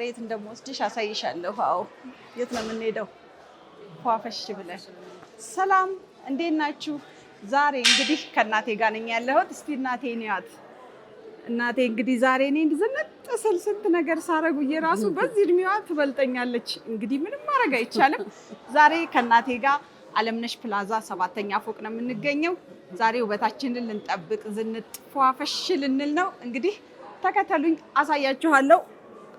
ዛሬ የት እንደምወስድሽ አሳይሻለሁ። አዎ የት ነው የምንሄደው? ኳፈሽ ብለን። ሰላም እንዴት ናችሁ? ዛሬ እንግዲህ ከእናቴ ጋር ነኝ ያለሁት። እስቲ እናቴ ንያት። እናቴ እንግዲህ ዛሬ እኔ ዝንጥ ስል ስንት ነገር ሳረጉዬ ራሱ በዚህ እድሜዋ ትበልጠኛለች። እንግዲህ ምንም ማድረግ አይቻልም። ዛሬ ከእናቴ ጋር አለምነሽ ፕላዛ ሰባተኛ ፎቅ ነው የምንገኘው። ዛሬ ውበታችንን ልንጠብቅ ዝንጥ ፏፈሽ ልንል ነው። እንግዲህ ተከተሉኝ፣ አሳያችኋለሁ።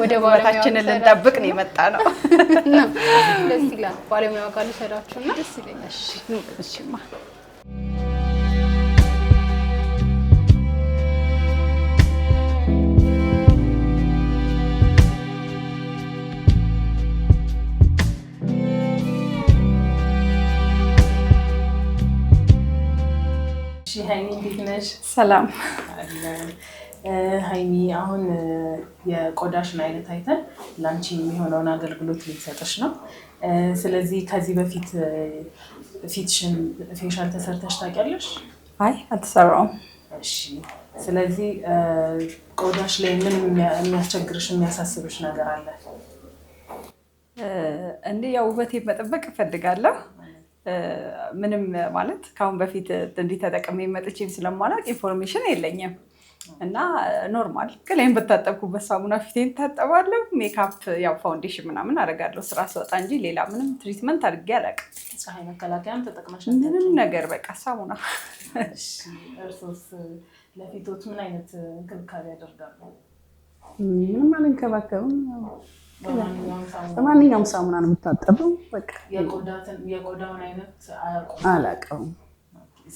ወደ ባለሙያችንን ልንጠብቅ ነው የመጣ ነው። ደስ ይላል። ጋር ልሰዳችሁ እና ደስ ይለኛል። ሰላም ሀይሚ አሁን የቆዳሽን አይነት አይተን ላንቺ የሚሆነውን አገልግሎት ልትሰጥሽ ነው። ስለዚህ ከዚህ በፊት ፊትሽን ፌሻል ተሰርተሽ ታውቂያለሽ? አይ አልተሰራውም። እሺ። ስለዚህ ቆዳሽ ላይ ምን የሚያስቸግርሽ የሚያሳስብሽ ነገር አለ? እንዲህ ያው ውበቴን መጠበቅ እፈልጋለሁ ምንም ማለት ከአሁን በፊት እንዲህ ተጠቅሜ መጥቼም ስለማላውቅ ኢንፎርሜሽን የለኝም። እና ኖርማል ገላይን በታጠብኩበት ሳሙና ፊቴን ታጠባለሁ። ሜካፕ ያው ፋውንዴሽን ምናምን አደርጋለሁ ስራ ስወጣ እንጂ ሌላ ምንም ትሪትመንት አድርጌ አላውቅም። ፀሐይ መከላከያም ተጠቅመሽ ምንም ነገር በቃ ሳሙና። እርሶስ ለፊቶት ምን አይነት እንክብካቤ ያደርጋሉ? ምንም አልንከባከብም። በማንኛውም ሳሙና ነው የምታጠበው። የቆዳውን አይነት አላውቀውም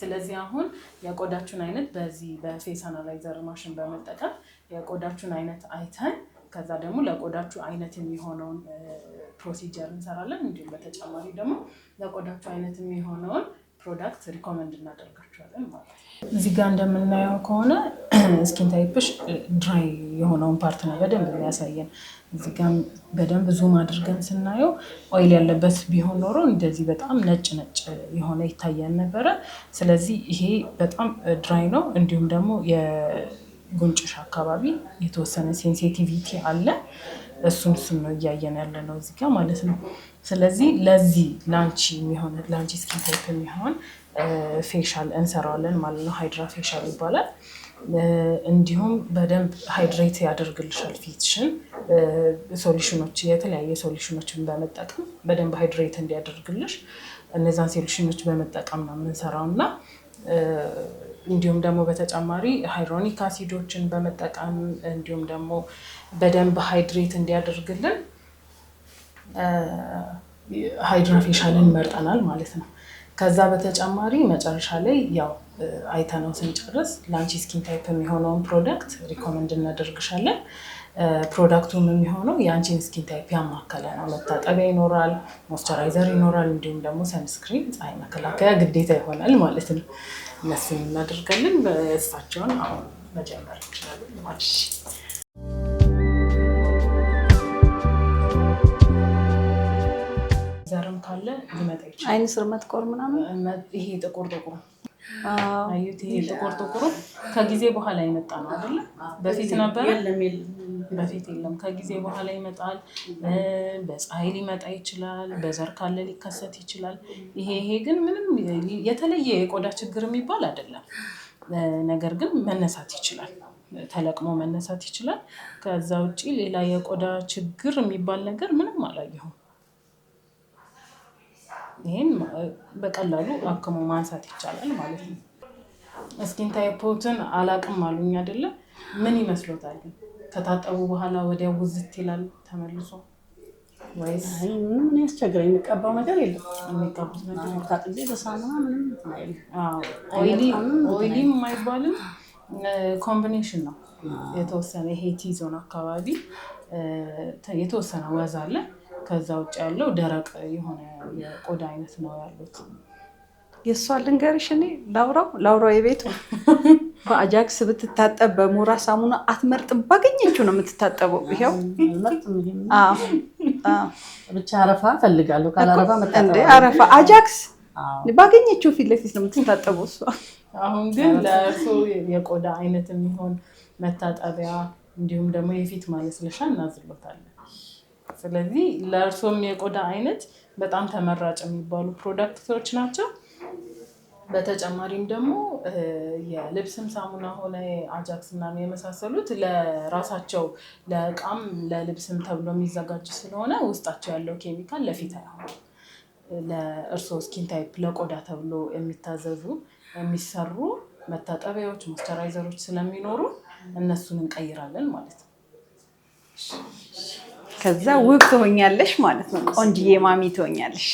ስለዚህ አሁን የቆዳችሁን አይነት በዚህ በፌስ አናላይዘር ማሽን በመጠቀም የቆዳችሁን አይነት አይተን ከዛ ደግሞ ለቆዳችሁ አይነት የሚሆነውን ፕሮሲጀር እንሰራለን። እንዲሁም በተጨማሪ ደግሞ ለቆዳችሁ አይነት የሚሆነውን ፕሮዳክት ሪኮመንድ እናደርጋቸዋለን ማለት ነው። እዚህ ጋር እንደምናየው ከሆነ ስኪን ታይፕሽ ድራይ የሆነውን ፓርት ነው በደንብ የሚያሳየን። እዚህ ጋር በደንብ ዙም አድርገን ስናየው ኦይል ያለበት ቢሆን ኖሮ እንደዚህ በጣም ነጭ ነጭ የሆነ ይታያል ነበረ። ስለዚህ ይሄ በጣም ድራይ ነው። እንዲሁም ደግሞ የጉንጭሽ አካባቢ የተወሰነ ሴንሲቲቪቲ አለ። እሱን እሱን ነው እያየን ያለ ነው እዚህ ጋር ማለት ነው። ስለዚህ ለዚህ ላንቺ የሚሆን ላንቺ ስኪን ታይፕ የሚሆን ፌሻል እንሰራዋለን ማለት ነው። ሃይድራ ፌሻል ይባላል። እንዲሁም በደንብ ሃይድሬት ያደርግልሻል ፊትሽን ሶሉሽኖች፣ የተለያየ ሶሉሽኖችን በመጠቀም በደንብ ሃይድሬት እንዲያደርግልሽ እነዛን ሶሉሽኖች በመጠቀም ነው የምንሰራው እና እንዲሁም ደግሞ በተጨማሪ ሃይድሮኒክ አሲዶችን በመጠቀም እንዲሁም ደግሞ በደንብ ሃይድሬት እንዲያደርግልን ሃይድራፌሻልን መርጠናል ማለት ነው። ከዛ በተጨማሪ መጨረሻ ላይ ያው አይተነው ስንጨርስ ለአንቺ ስኪን ታይፕ የሚሆነውን ፕሮዳክት ሪኮመንድ እናደርግሻለን። ፕሮዳክቱም የሚሆነው የአንቺን ስኪን ታይፕ ያማከለ ነው። መታጠቢያ ይኖራል፣ ሞስቸራይዘር ይኖራል፣ እንዲሁም ደግሞ ሰንስክሪን ፀሐይ መከላከያ ግዴታ ይሆናል ማለት ነው። እነሱን እናደርጋለን። በእሳቸውን አሁን መጀመር እንችላለን። ካለ ሊመጣ ይችላል። አይን ስር መጥቆር ምናምን ይሄ ጥቁር ጥቁር ጥቁር ጥቁሩ ከጊዜ በኋላ ይመጣ ነው አይደለ? በፊት ነበረ በፊት የለም። ከጊዜ በኋላ ይመጣል። በፀሐይ ሊመጣ ይችላል። በዘር ካለ ሊከሰት ይችላል። ይሄ ይሄ ግን ምንም የተለየ የቆዳ ችግር የሚባል አይደለም። ነገር ግን መነሳት ይችላል፣ ተለቅሞ መነሳት ይችላል። ከዛ ውጭ ሌላ የቆዳ ችግር የሚባል ነገር ምንም አላየሁም። ይህን በቀላሉ አክሞ ማንሳት ይቻላል ማለት ነው። እስኪን ታይፖትን አላቅም አሉኝ አይደለም። ምን ይመስሎታል? ከታጠቡ በኋላ ወዲያ ውዝት ይላል ተመልሶ ወይስ ያስቸግረኝ? የሚቀባው ነገር የለም። ታጥቤ በሳሙና ምንም ኦይሊም አይባልም። ኮምቢኔሽን ነው የተወሰነ ይሄ ቲዞን አካባቢ የተወሰነ ወዝ አለ ከዛ ውጭ ያለው ደረቅ የሆነ የቆዳ አይነት ነው ያሉት። የእሷ ልንገርሽ፣ እኔ ላውራው ላውራው የቤቱ በአጃክስ ብትታጠብ በሞራ ሳሙና አትመርጥም። ባገኘችው ነው የምትታጠበው። ይኸው ብቻ አረፋ ፈልጋለሁ። አረፋ አጃክስ ባገኘችው ፊት ለፊት ነው የምትታጠበው እሷ። አሁን ግን ለእርሱ የቆዳ አይነት የሚሆን መታጠቢያ እንዲሁም ደግሞ የፊት ማለስለሻ እናዝሎታለን። ስለዚህ ለእርሶም የቆዳ አይነት በጣም ተመራጭ የሚባሉ ፕሮዳክቶች ናቸው። በተጨማሪም ደግሞ የልብስም ሳሙና ሆነ አጃክስ ምናምን የመሳሰሉት ለራሳቸው ለእቃም ለልብስም ተብሎ የሚዘጋጅ ስለሆነ ውስጣቸው ያለው ኬሚካል ለፊት አይሆንም። ለእርስዎ ስኪን ታይፕ ለቆዳ ተብሎ የሚታዘዙ የሚሰሩ መታጠቢያዎች፣ ሞስቸራይዘሮች ስለሚኖሩ እነሱን እንቀይራለን ማለት ነው። ከዛ ውብ ትሆኛለሽ ማለት ነው። ቆንጅዬ ማሚ ትሆኛለሽ።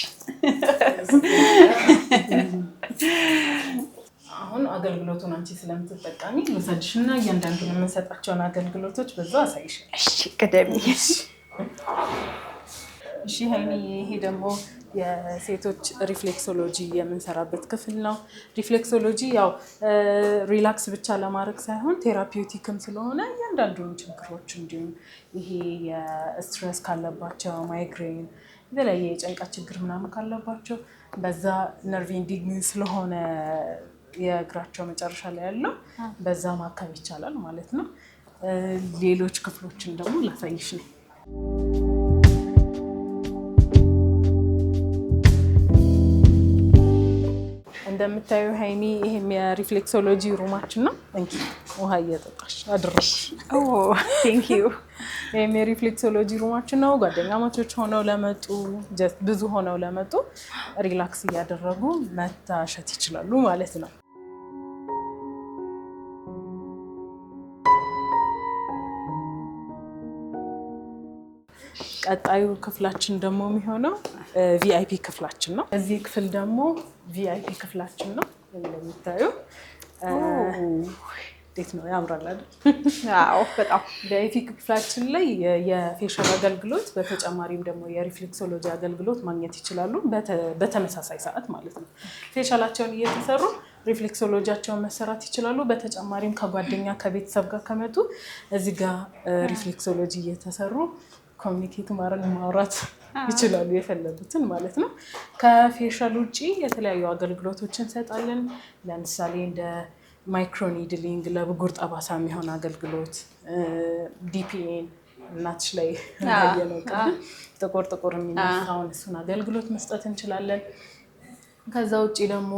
አሁን አገልግሎቱን አንቺ ስለምትጠቀሚ መሳጅሽና እያንዳንዱን የምንሰጣቸውን አገልግሎቶች በዛ አሳይሻል። እሺ ቅደሚ። እሺ ሀይሚዬ፣ ይሄ ደግሞ የሴቶች ሪፍሌክሶሎጂ የምንሰራበት ክፍል ነው። ሪፍሌክሶሎጂ ያው ሪላክስ ብቻ ለማድረግ ሳይሆን ቴራፒውቲክም ስለሆነ እያንዳንዱን ችግሮች እንዲሁም ይሄ የስትረስ ካለባቸው ማይግሬን፣ የተለያየ የጭንቀት ችግር ምናምን ካለባቸው በዛ ነርቭ ኢንዲግኒ ስለሆነ የእግራቸው መጨረሻ ላይ ያለው በዛ ማከም ይቻላል ማለት ነው። ሌሎች ክፍሎችን ደግሞ ላሳይሽ ነው። እንደምታዩ ሀይሚ ይሄም የሪፍሌክሶሎጂ ሩማችን ነው። ውሃ እየጠጣሽ አድረሽ ይህም የሪፍሌክሶሎጂ ሩማችን ነው። ጓደኛ ማቾች ሆነው ለመጡ ብዙ ሆነው ለመጡ ሪላክስ እያደረጉ መታሸት ይችላሉ ማለት ነው። ቀጣዩ ክፍላችን ደግሞ የሚሆነው ቪአይፒ ክፍላችን ነው። እዚህ ክፍል ደግሞ ቪአይፒ ክፍላችን ነው እንደሚታዩ እንዴት ነው ያምራል አይደል? በጣም በኢቲ ክፍላችን ላይ የፌሻል አገልግሎት በተጨማሪም ደግሞ የሪፍሌክሶሎጂ አገልግሎት ማግኘት ይችላሉ። በተመሳሳይ ሰዓት ማለት ነው። ፌሻላቸውን እየተሰሩ ሪፍሌክሶሎጂያቸውን መሰራት ይችላሉ። በተጨማሪም ከጓደኛ ከቤተሰብ ጋር ከመጡ እዚህ ጋር ሪፍሌክሶሎጂ እየተሰሩ ኮሚኒኬት ማድረግ ማውራት ይችላሉ፣ የፈለጉትን ማለት ነው። ከፌሻል ውጭ የተለያዩ አገልግሎቶች እንሰጣለን። ለምሳሌ እንደ ማይክሮኒድሊንግ ለብጉር ጠባሳ የሚሆን አገልግሎት፣ ዲፒኤን እናትሽ ላይ ያየነው ጥቁር ጥቁር የሚነሳውን እሱን አገልግሎት መስጠት እንችላለን። ከዛ ውጭ ደግሞ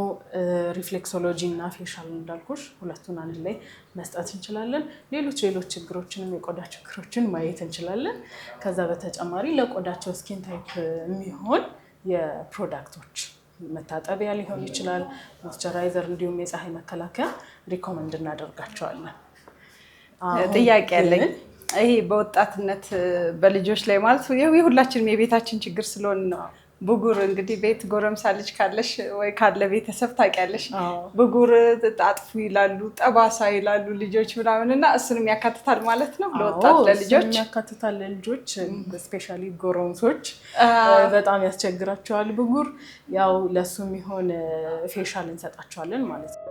ሪፍሌክሶሎጂ እና ፌሻል እንዳልኩሽ ሁለቱን አንድ ላይ መስጠት እንችላለን። ሌሎች ሌሎች ችግሮችንም የቆዳ ችግሮችን ማየት እንችላለን። ከዛ በተጨማሪ ለቆዳቸው ስኪን ታይፕ የሚሆን የፕሮዳክቶች መታጠቢያ ሊሆን ይችላል፣ ሞስቸራይዘር፣ እንዲሁም የፀሐይ መከላከያ ሪኮመንድ እናደርጋቸዋለን። ጥያቄ ያለኝ ይሄ በወጣትነት በልጆች ላይ ማለት የሁላችንም የቤታችን ችግር ስለሆን ነው ብጉር እንግዲህ ቤት ጎረምሳለች ልጅ ካለሽ ወይ ካለ ቤተሰብ ታውቂያለሽ፣ ብጉር አጥፉ ይላሉ፣ ጠባሳ ይላሉ ልጆች ምናምን እና እሱንም ያካትታል ማለት ነው። ለወጣት ለልጆች ያካትታል። ለልጆች ስፔሻሊ ጎረምሶች በጣም ያስቸግራቸዋል ብጉር። ያው ለእሱ የሚሆን ፌሻል እንሰጣቸዋለን ማለት ነው።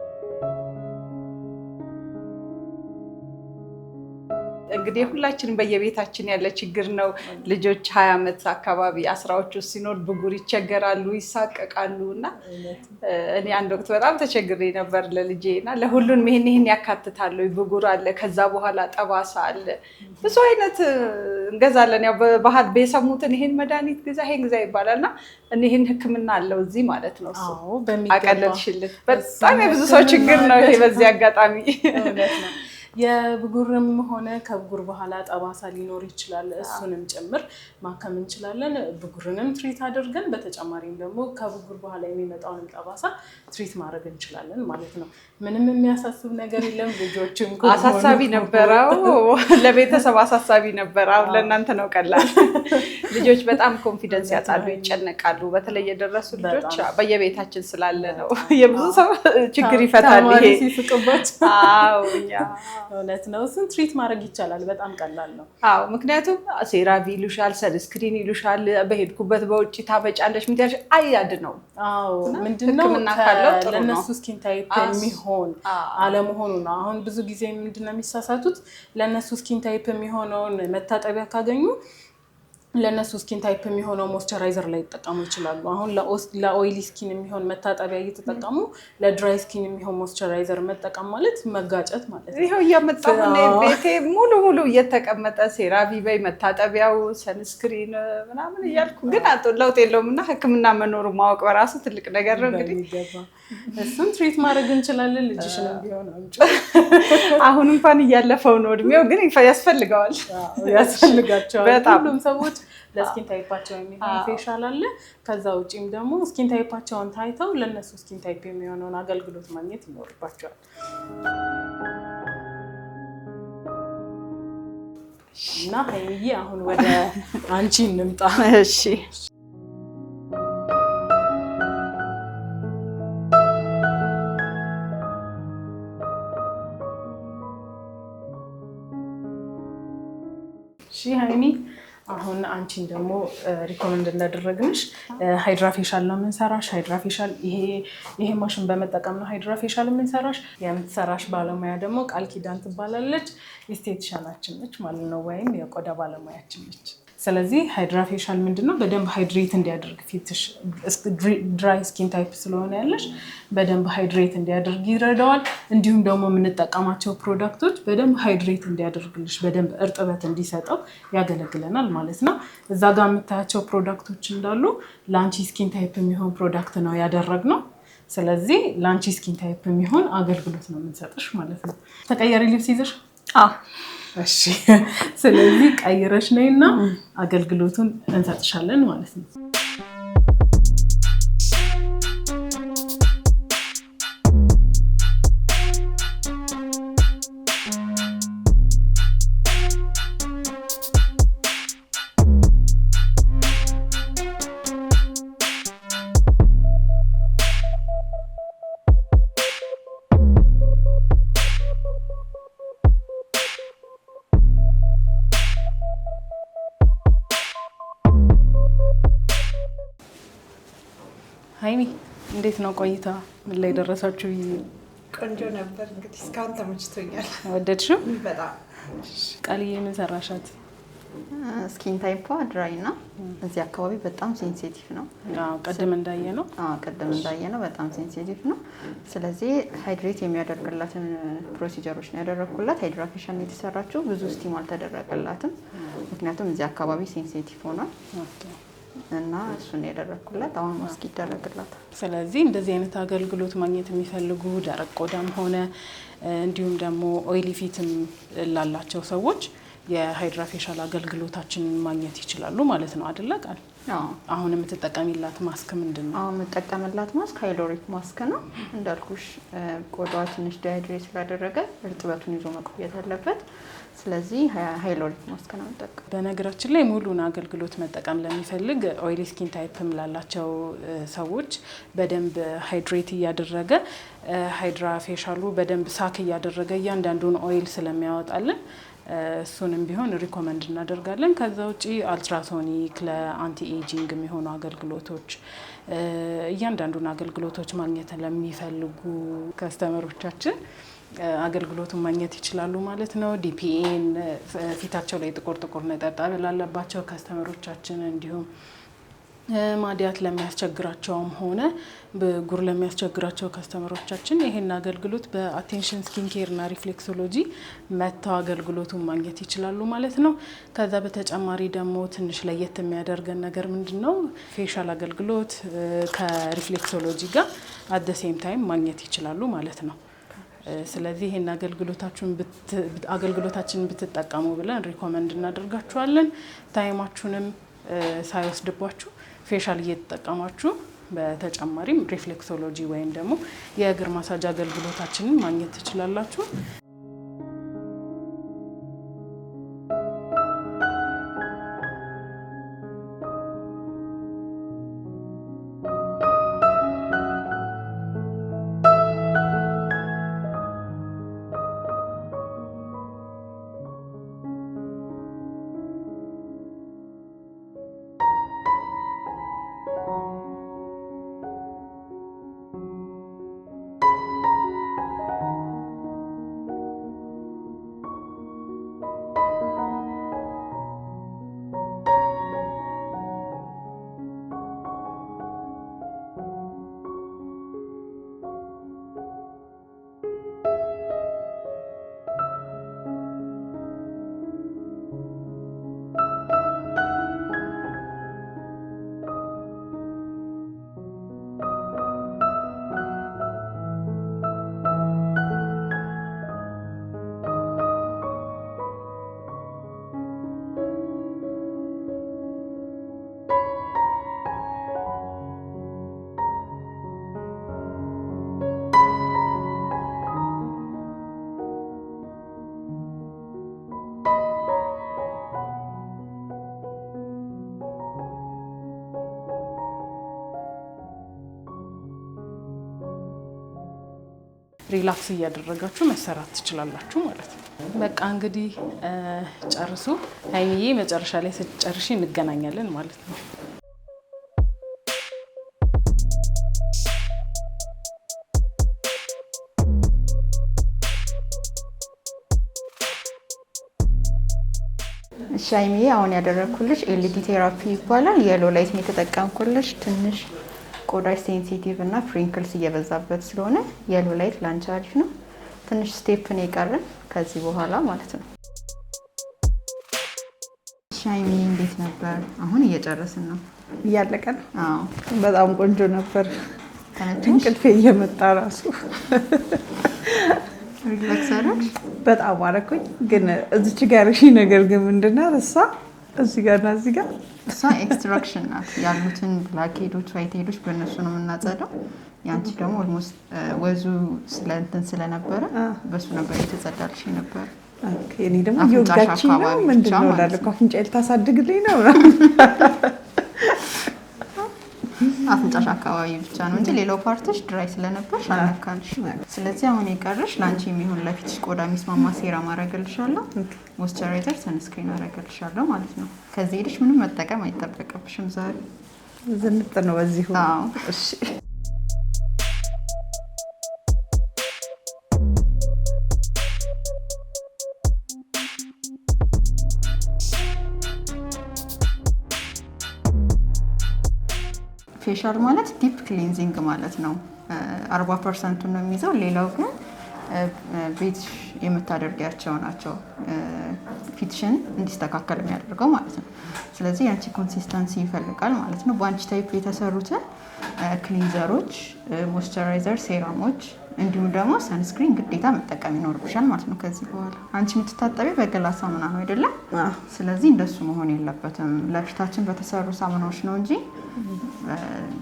እንግዲህ ሁላችንም በየቤታችን ያለ ችግር ነው። ልጆች ሀያ ዓመት አካባቢ አስራዎች ውስጥ ሲኖር ብጉር ይቸገራሉ፣ ይሳቀቃሉ። እና እኔ አንድ ወቅት በጣም ተቸግሬ ነበር ለልጄ እና ለሁሉንም ይህን ይህን ያካትታሉ። ብጉር አለ፣ ከዛ በኋላ ጠባሳ አለ፣ ብዙ አይነት እንገዛለን። ያው በባህል የሰሙትን ይህን መድኃኒት ግዛ፣ ይሄን ግዛ ይባላል እና ይህን ሕክምና አለው እዚህ ማለት ነው። አቀለልሽልን። በጣም የብዙ ሰው ችግር ነው ይሄ በዚህ አጋጣሚ የብጉርም ሆነ ከብጉር በኋላ ጠባሳ ሊኖር ይችላል። እሱንም ጭምር ማከም እንችላለን። ብጉርንም ትሪት አድርገን በተጨማሪም ደግሞ ከብጉር በኋላ የሚመጣውንም ጠባሳ ትሪት ማድረግ እንችላለን ማለት ነው። ምንም የሚያሳስብ ነገር የለም። ልጆችም አሳሳቢ ነበረው፣ ለቤተሰብ አሳሳቢ ነበረ። አሁን ለእናንተ ነው ቀላል ልጆች በጣም ኮንፊደንስ ያጣሉ፣ ይጨነቃሉ። በተለይ የደረሱ ልጆች በየቤታችን ስላለ ነው የብዙ ሰው ችግር ይፈታል። ይሄ እውነት ነው። እሱን ትሪት ማድረግ ይቻላል። በጣም ቀላል ነው። አዎ ምክንያቱም ሴራቪ ይሉሻል፣ ሰንስክሪን ይሉሻል፣ በሄድኩበት በውጭ ታበጫለች ምትያለሽ አያድነውም። ምንድነው ለእነሱ ስኪን ታይፕ የሚሆን አለመሆኑ ነው። አሁን ብዙ ጊዜ ምንድነው የሚሳሳቱት ለእነሱ ስኪን ታይፕ የሚሆነውን መታጠቢያ ካገኙ ለእነሱ ስኪን ታይፕ የሚሆነው ሞስቸራይዘር ላይ ይጠቀሙ ይችላሉ። አሁን ለኦይሊ ስኪን የሚሆን መታጠቢያ እየተጠቀሙ ለድራይ ስኪን የሚሆን ሞስቸራይዘር መጠቀም ማለት መጋጨት ማለት ነው። ይኸው እያመጣሁ ቤቴ ሙሉ ሙሉ እየተቀመጠ ሴራቪ መታጠቢያው፣ ሰንስክሪን ምናምን እያልኩ ግን ለውጥ የለውም እና ሕክምና መኖሩ ማወቅ በራሱ ትልቅ ነገር ነው እንግዲህ እሱን ትሪት ማድረግ እንችላለን። ልጅሽን ቢሆን አሁን እንኳን እያለፈው ነው እድሜው፣ ግን ያስፈልገዋል ያስፈልጋቸዋል። ሁሉም ሰዎች ለስኪን ታይፓቸው የሚሆን ፌሻል አለ። ከዛ ውጪም ደግሞ ስኪን ታይፓቸውን ታይተው ለእነሱ ስኪን ታይፕ የሚሆነውን አገልግሎት ማግኘት ይኖርባቸዋል። እና ሀይዬ አሁን ወደ አንቺ እንምጣ። እሺ አንቺን ደግሞ ሪኮመንድ እንዳደረግንሽ ሃይድራፌሻል ነው የምንሰራሽ። ሃይድራፌሻል ይሄ ማሽን በመጠቀም ነው ሃይድራፌሻል የምንሰራሽ። የምትሰራሽ ባለሙያ ደግሞ ቃል ኪዳን ትባላለች። ኢስቴቲሻናችን ነች ማለት ነው፣ ወይም የቆዳ ባለሙያችን ነች። ስለዚህ ሃይድራፌሻል ምንድነው በደንብ ሃይድሬት እንዲያደርግ ፊትሽ ድራይ ስኪን ታይፕ ስለሆነ ያለሽ በደንብ ሃይድሬት እንዲያደርግ ይረዳዋል። እንዲሁም ደግሞ የምንጠቀማቸው ፕሮዳክቶች በደንብ ሃይድሬት እንዲያደርግልሽ በደንብ እርጥበት እንዲሰጠው ያገለግለናል ማለት ነው። እዛ ጋር የምታያቸው ፕሮዳክቶች እንዳሉ ለአንቺ ስኪን ታይፕ የሚሆን ፕሮዳክት ነው ነው። ስለዚህ ለአንቺ ስኪን ታይፕ የሚሆን አገልግሎት ነው የምንሰጥሽ ማለት ነው። ተቀያሪ ልብስ ይዘሽ እሺ፣ ስለዚህ ቀይረሽ ነይና አገልግሎቱን እንሰጥሻለን ማለት ነው። ቆይታ ምን ላይ ደረሳችሁ? ቆንጆ ነበር። እንግዲህ እስካሁን ተመችቶኛል። ወደድሽው? በጣም ቃልዬ፣ ምን ሰራሻት? ስኪን ታይፖ ድራይ ና እዚህ አካባቢ በጣም ሴንሲቲቭ ነው። ቅድም እንዳየ ነው ቅድም እንዳየ ነው በጣም ሴንሲቲቭ ነው። ስለዚህ ሃይድሬት የሚያደርግላትን ፕሮሲጀሮች ነው ያደረግኩላት። ሃይድራፌሻን የተሰራችው ብዙ ስቲም አልተደረገላትም፣ ምክንያቱም እዚህ አካባቢ ሴንሲቲቭ ሆኗል። እና እሱን ያደረግኩላት አሁን ማስክ ይደረግላታል። ስለዚህ እንደዚህ አይነት አገልግሎት ማግኘት የሚፈልጉ ደረቅ ቆዳም ሆነ እንዲሁም ደግሞ ኦይሊ ፊትም ላላቸው ሰዎች የሃይድራፌሻል አገልግሎታችንን ማግኘት ይችላሉ ማለት ነው አደለ ቃል አሁን የምትጠቀሚላት ማስክ ምንድን ነው? አሁን የምጠቀምላት ማስክ ሃይሎሪክ ማስክ ነው። እንዳልኩሽ ቆዳዋ ትንሽ ዳይድሬ ስላደረገ እርጥበቱን ይዞ መቆየት አለበት። ስለዚህ ሃይሎሪክ ማስክ ነው የምጠቀም። በነገራችን ላይ ሙሉን አገልግሎት መጠቀም ለሚፈልግ ኦይሊ ስኪን ታይፕም ላላቸው ሰዎች በደንብ ሃይድሬት እያደረገ ሃይድራ ፌሻሉ በደንብ ሳክ እያደረገ እያንዳንዱን ኦይል ስለሚያወጣልን እሱንም ቢሆን ሪኮመንድ እናደርጋለን። ከዛ ውጪ አልትራሶኒክ ለአንቲ ኤጂንግ የሚሆኑ አገልግሎቶች እያንዳንዱን አገልግሎቶች ማግኘት ለሚፈልጉ ከስተመሮቻችን አገልግሎቱን ማግኘት ይችላሉ ማለት ነው። ዲፒኤን ፊታቸው ላይ ጥቁር ጥቁር ነጠብጣብ ላለባቸው ከስተመሮቻችን እንዲሁም ማዲያት ለሚያስቸግራቸውም ሆነ ብጉር ለሚያስቸግራቸው ከስተመሮቻችን ይህን አገልግሎት በአቴንሽን ስኪን ና ሪፍሌክሶሎጂ መጥተው አገልግሎቱን ማግኘት ይችላሉ ማለት ነው። ከዛ በተጨማሪ ደግሞ ትንሽ ለየት የሚያደርገን ነገር ምንድን ነው? ፌሻል አገልግሎት ከሪፍሌክሶሎጂ ጋር አት ሴም ታይም ማግኘት ይችላሉ ማለት ነው። ስለዚህ ይህን አገልግሎታችንን ብትጠቀሙ ብለን ሪኮመንድ እናደርጋችኋለን። ታይማችሁንም ሳይወስድባችሁ ፌሻል እየተጠቀማችሁ በተጨማሪም ሪፍሌክሶሎጂ ወይም ደግሞ የእግር ማሳጅ አገልግሎታችንን ማግኘት ትችላላችሁ። ሪላክስ እያደረጋችሁ መሰራት ትችላላችሁ ማለት ነው። በቃ እንግዲህ ጨርሱ። ሀይሚዬ መጨረሻ ላይ ስትጨርሺ እንገናኛለን ማለት ነው። እሺ ሀይሚዬ፣ አሁን ያደረግኩልሽ ኤልዲ ቴራፒ ይባላል። የሎ ላይት ነው የተጠቀምኩልሽ ትንሽ ቆዳሽ ሴንሲቲቭ እና ፍሪንክልስ እየበዛበት ስለሆነ የሎ ላይት ላንቺ አሪፍ ነው። ትንሽ ስቴፕን የቀረን ከዚህ በኋላ ማለት ነው። ሻይሚ እንዴት ነበር? አሁን እየጨረስን ነው። እያለቀ ነው። በጣም ቆንጆ ነበር። እንቅልፌ እየመጣ ራሱ በጣም አረኩኝ። ግን እዚች ጋር ነገር ግን ምንድን ነው እሷ እዚህ ጋር እና እዚህ ጋር እሷ ኤክስትራክሽን ናት። ያሉትን ብላኬዶች ዋይት ሄዶች በእነሱ ነው የምናጸዳው። ያንቺ ደግሞ ኦልሞስት ወዙ ስለ እንትን ስለነበረ በእሱ ነበር የተጸዳልሽ ነበር። እኔ ደግሞ እየወጋችኝ ነው ምንድን ነው እላለሁ። አፍንጫ ልታሳድግልኝ ነው አካባቢ ብቻ ነው እንጂ ሌላው ፓርቶች ድራይ ስለነበር አልነካንሽ። ስለዚህ አሁን የቀረሽ ለአንቺ የሚሆን ለፊትሽ ቆዳ የሚስማማ ሴራ ማረገልሻለሁ፣ ሞስቸራይዘር ሰንስክሪን አረገልሻለሁ ማለት ነው። ከዚህ ሄደሽ ምንም መጠቀም አይጠበቅብሽም ዛሬ። ዝንጥ ነው በዚሁ። እሺ ፌሻል ማለት ዲፕ ክሊንዚንግ ማለት ነው። አርባ ፐርሰንቱ ነው የሚይዘው። ሌላው ግን ቤት የምታደርጊያቸው ናቸው ፊትሽን እንዲስተካከል የሚያደርገው ማለት ነው። ስለዚህ የአንቺ ኮንሲስተንሲ ይፈልጋል ማለት ነው። በአንቺ ታይፕ የተሰሩትን ክሊንዘሮች፣ ሞይስቸራይዘር፣ ሴራሞች እንዲሁም ደግሞ ሰንስክሪን ግዴታ መጠቀም ይኖርብሻል ማለት ነው። ከዚህ በኋላ አንቺ የምትታጠቢ በገላ ሳሙና ነው አይደለም? ስለዚህ እንደሱ መሆን የለበትም። ለፊታችን በተሰሩ ሳሙናዎች ነው እንጂ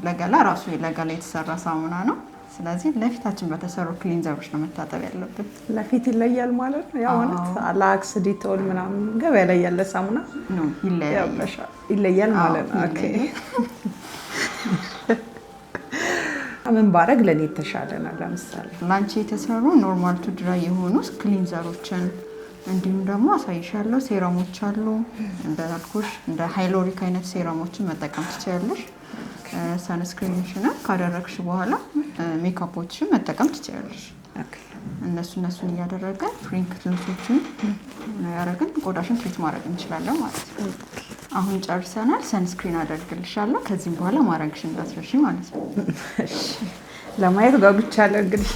ለገላ ራሱ ለገላ የተሰራ ሳሙና ነው። ስለዚህ ለፊታችን በተሰሩ ክሊንዘሮች ነው መታጠብ ያለብን። ለፊት ይለያል ማለት ነው። ያው እውነት ላክስ ዲቶል ምናምን ገበያ ላይ ያለ ሳሙና ይለያል ማለት ነው። ምን ባረግ ለእኔ የተሻለ ነው? ለምሳሌ ላንቺ የተሰሩ ኖርማል ቱ ድራይ የሆኑ ክሊንዘሮችን እንዲሁም ደግሞ አሳይሻለሁ። ሴረሞች አሉ እንዳልኩሽ፣ እንደ ሃይሎሪክ አይነት ሴረሞችን መጠቀም ትችላለሽ። ሰንስክሪንሽንም ካደረግሽ በኋላ ሜካፖችን መጠቀም ትችላለሽ። እነሱ እነሱን እያደረገ ፍሪንክ ትንሶችን ያደረግን ቆዳሽን ትሪት ማድረግ እንችላለን ማለት ነው። አሁን ጨርሰናል። ሰንስክሪን አደርግልሻለሁ። ከዚህም በኋላ ማድረግሽ እንዳትረሺ ማለት ነው። ለማየት ጓጉቻለሁ እንግዲህ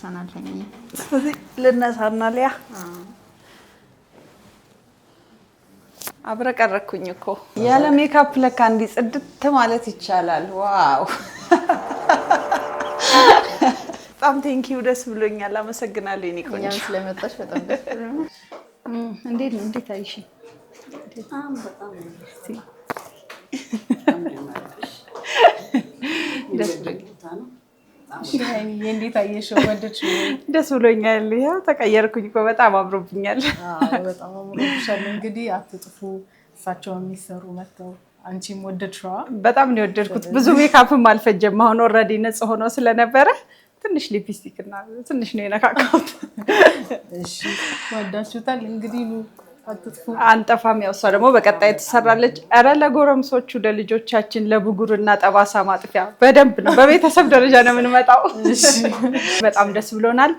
ደርሰናል። ስለዚህ ልነሳና ሊያ አብረቀረኩኝ እኮ ያለ ሜካፕ ለካ እንዲህ ጽድት ማለት ይቻላል። ዋው በጣም ቴንኪው ደስ ብሎኛል። አመሰግናለሁ የእኔ ቆንጆ ስለመጣሽ በጣም ደስ ብሎኛል። እንዴት ነው? እንዴት አይሽ? ደስ ብሎኛል። እንዴት አየሽው? ደስ ብሎኛል። ያው ተቀየርኩኝ እኮ በጣም አምሮብኛል። በጣም አምሮብሻል። እንግዲህ አትጥፉ፣ እሳቸው የሚሰሩ መጥተው አንቺም ወደድሽዋ? በጣም ነው የወደድኩት። ብዙ ሜካፕም አልፈጀም። አሁን ኦልሬዲ ነጽ ሆኖ ስለነበረ ትንሽ ሊፕስቲክ እና ትንሽ ነው የነካካሁት። እሺ ወዳችሁታል እንግዲህ አንጠፋም። ያው እሷ ደግሞ በቀጣይ ትሰራለች። ኧረ ለጎረምሶቹ ለልጆቻችን እና ጠባሳ ማጥፊያ በደንብ ነው፣ በቤተሰብ ደረጃ ነው የምንመጣው። በጣም ደስ ብሎናል።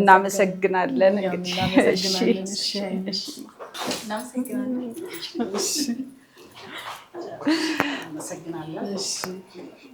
እናመሰግናለን። እንግዲህ እናመሰግናለን።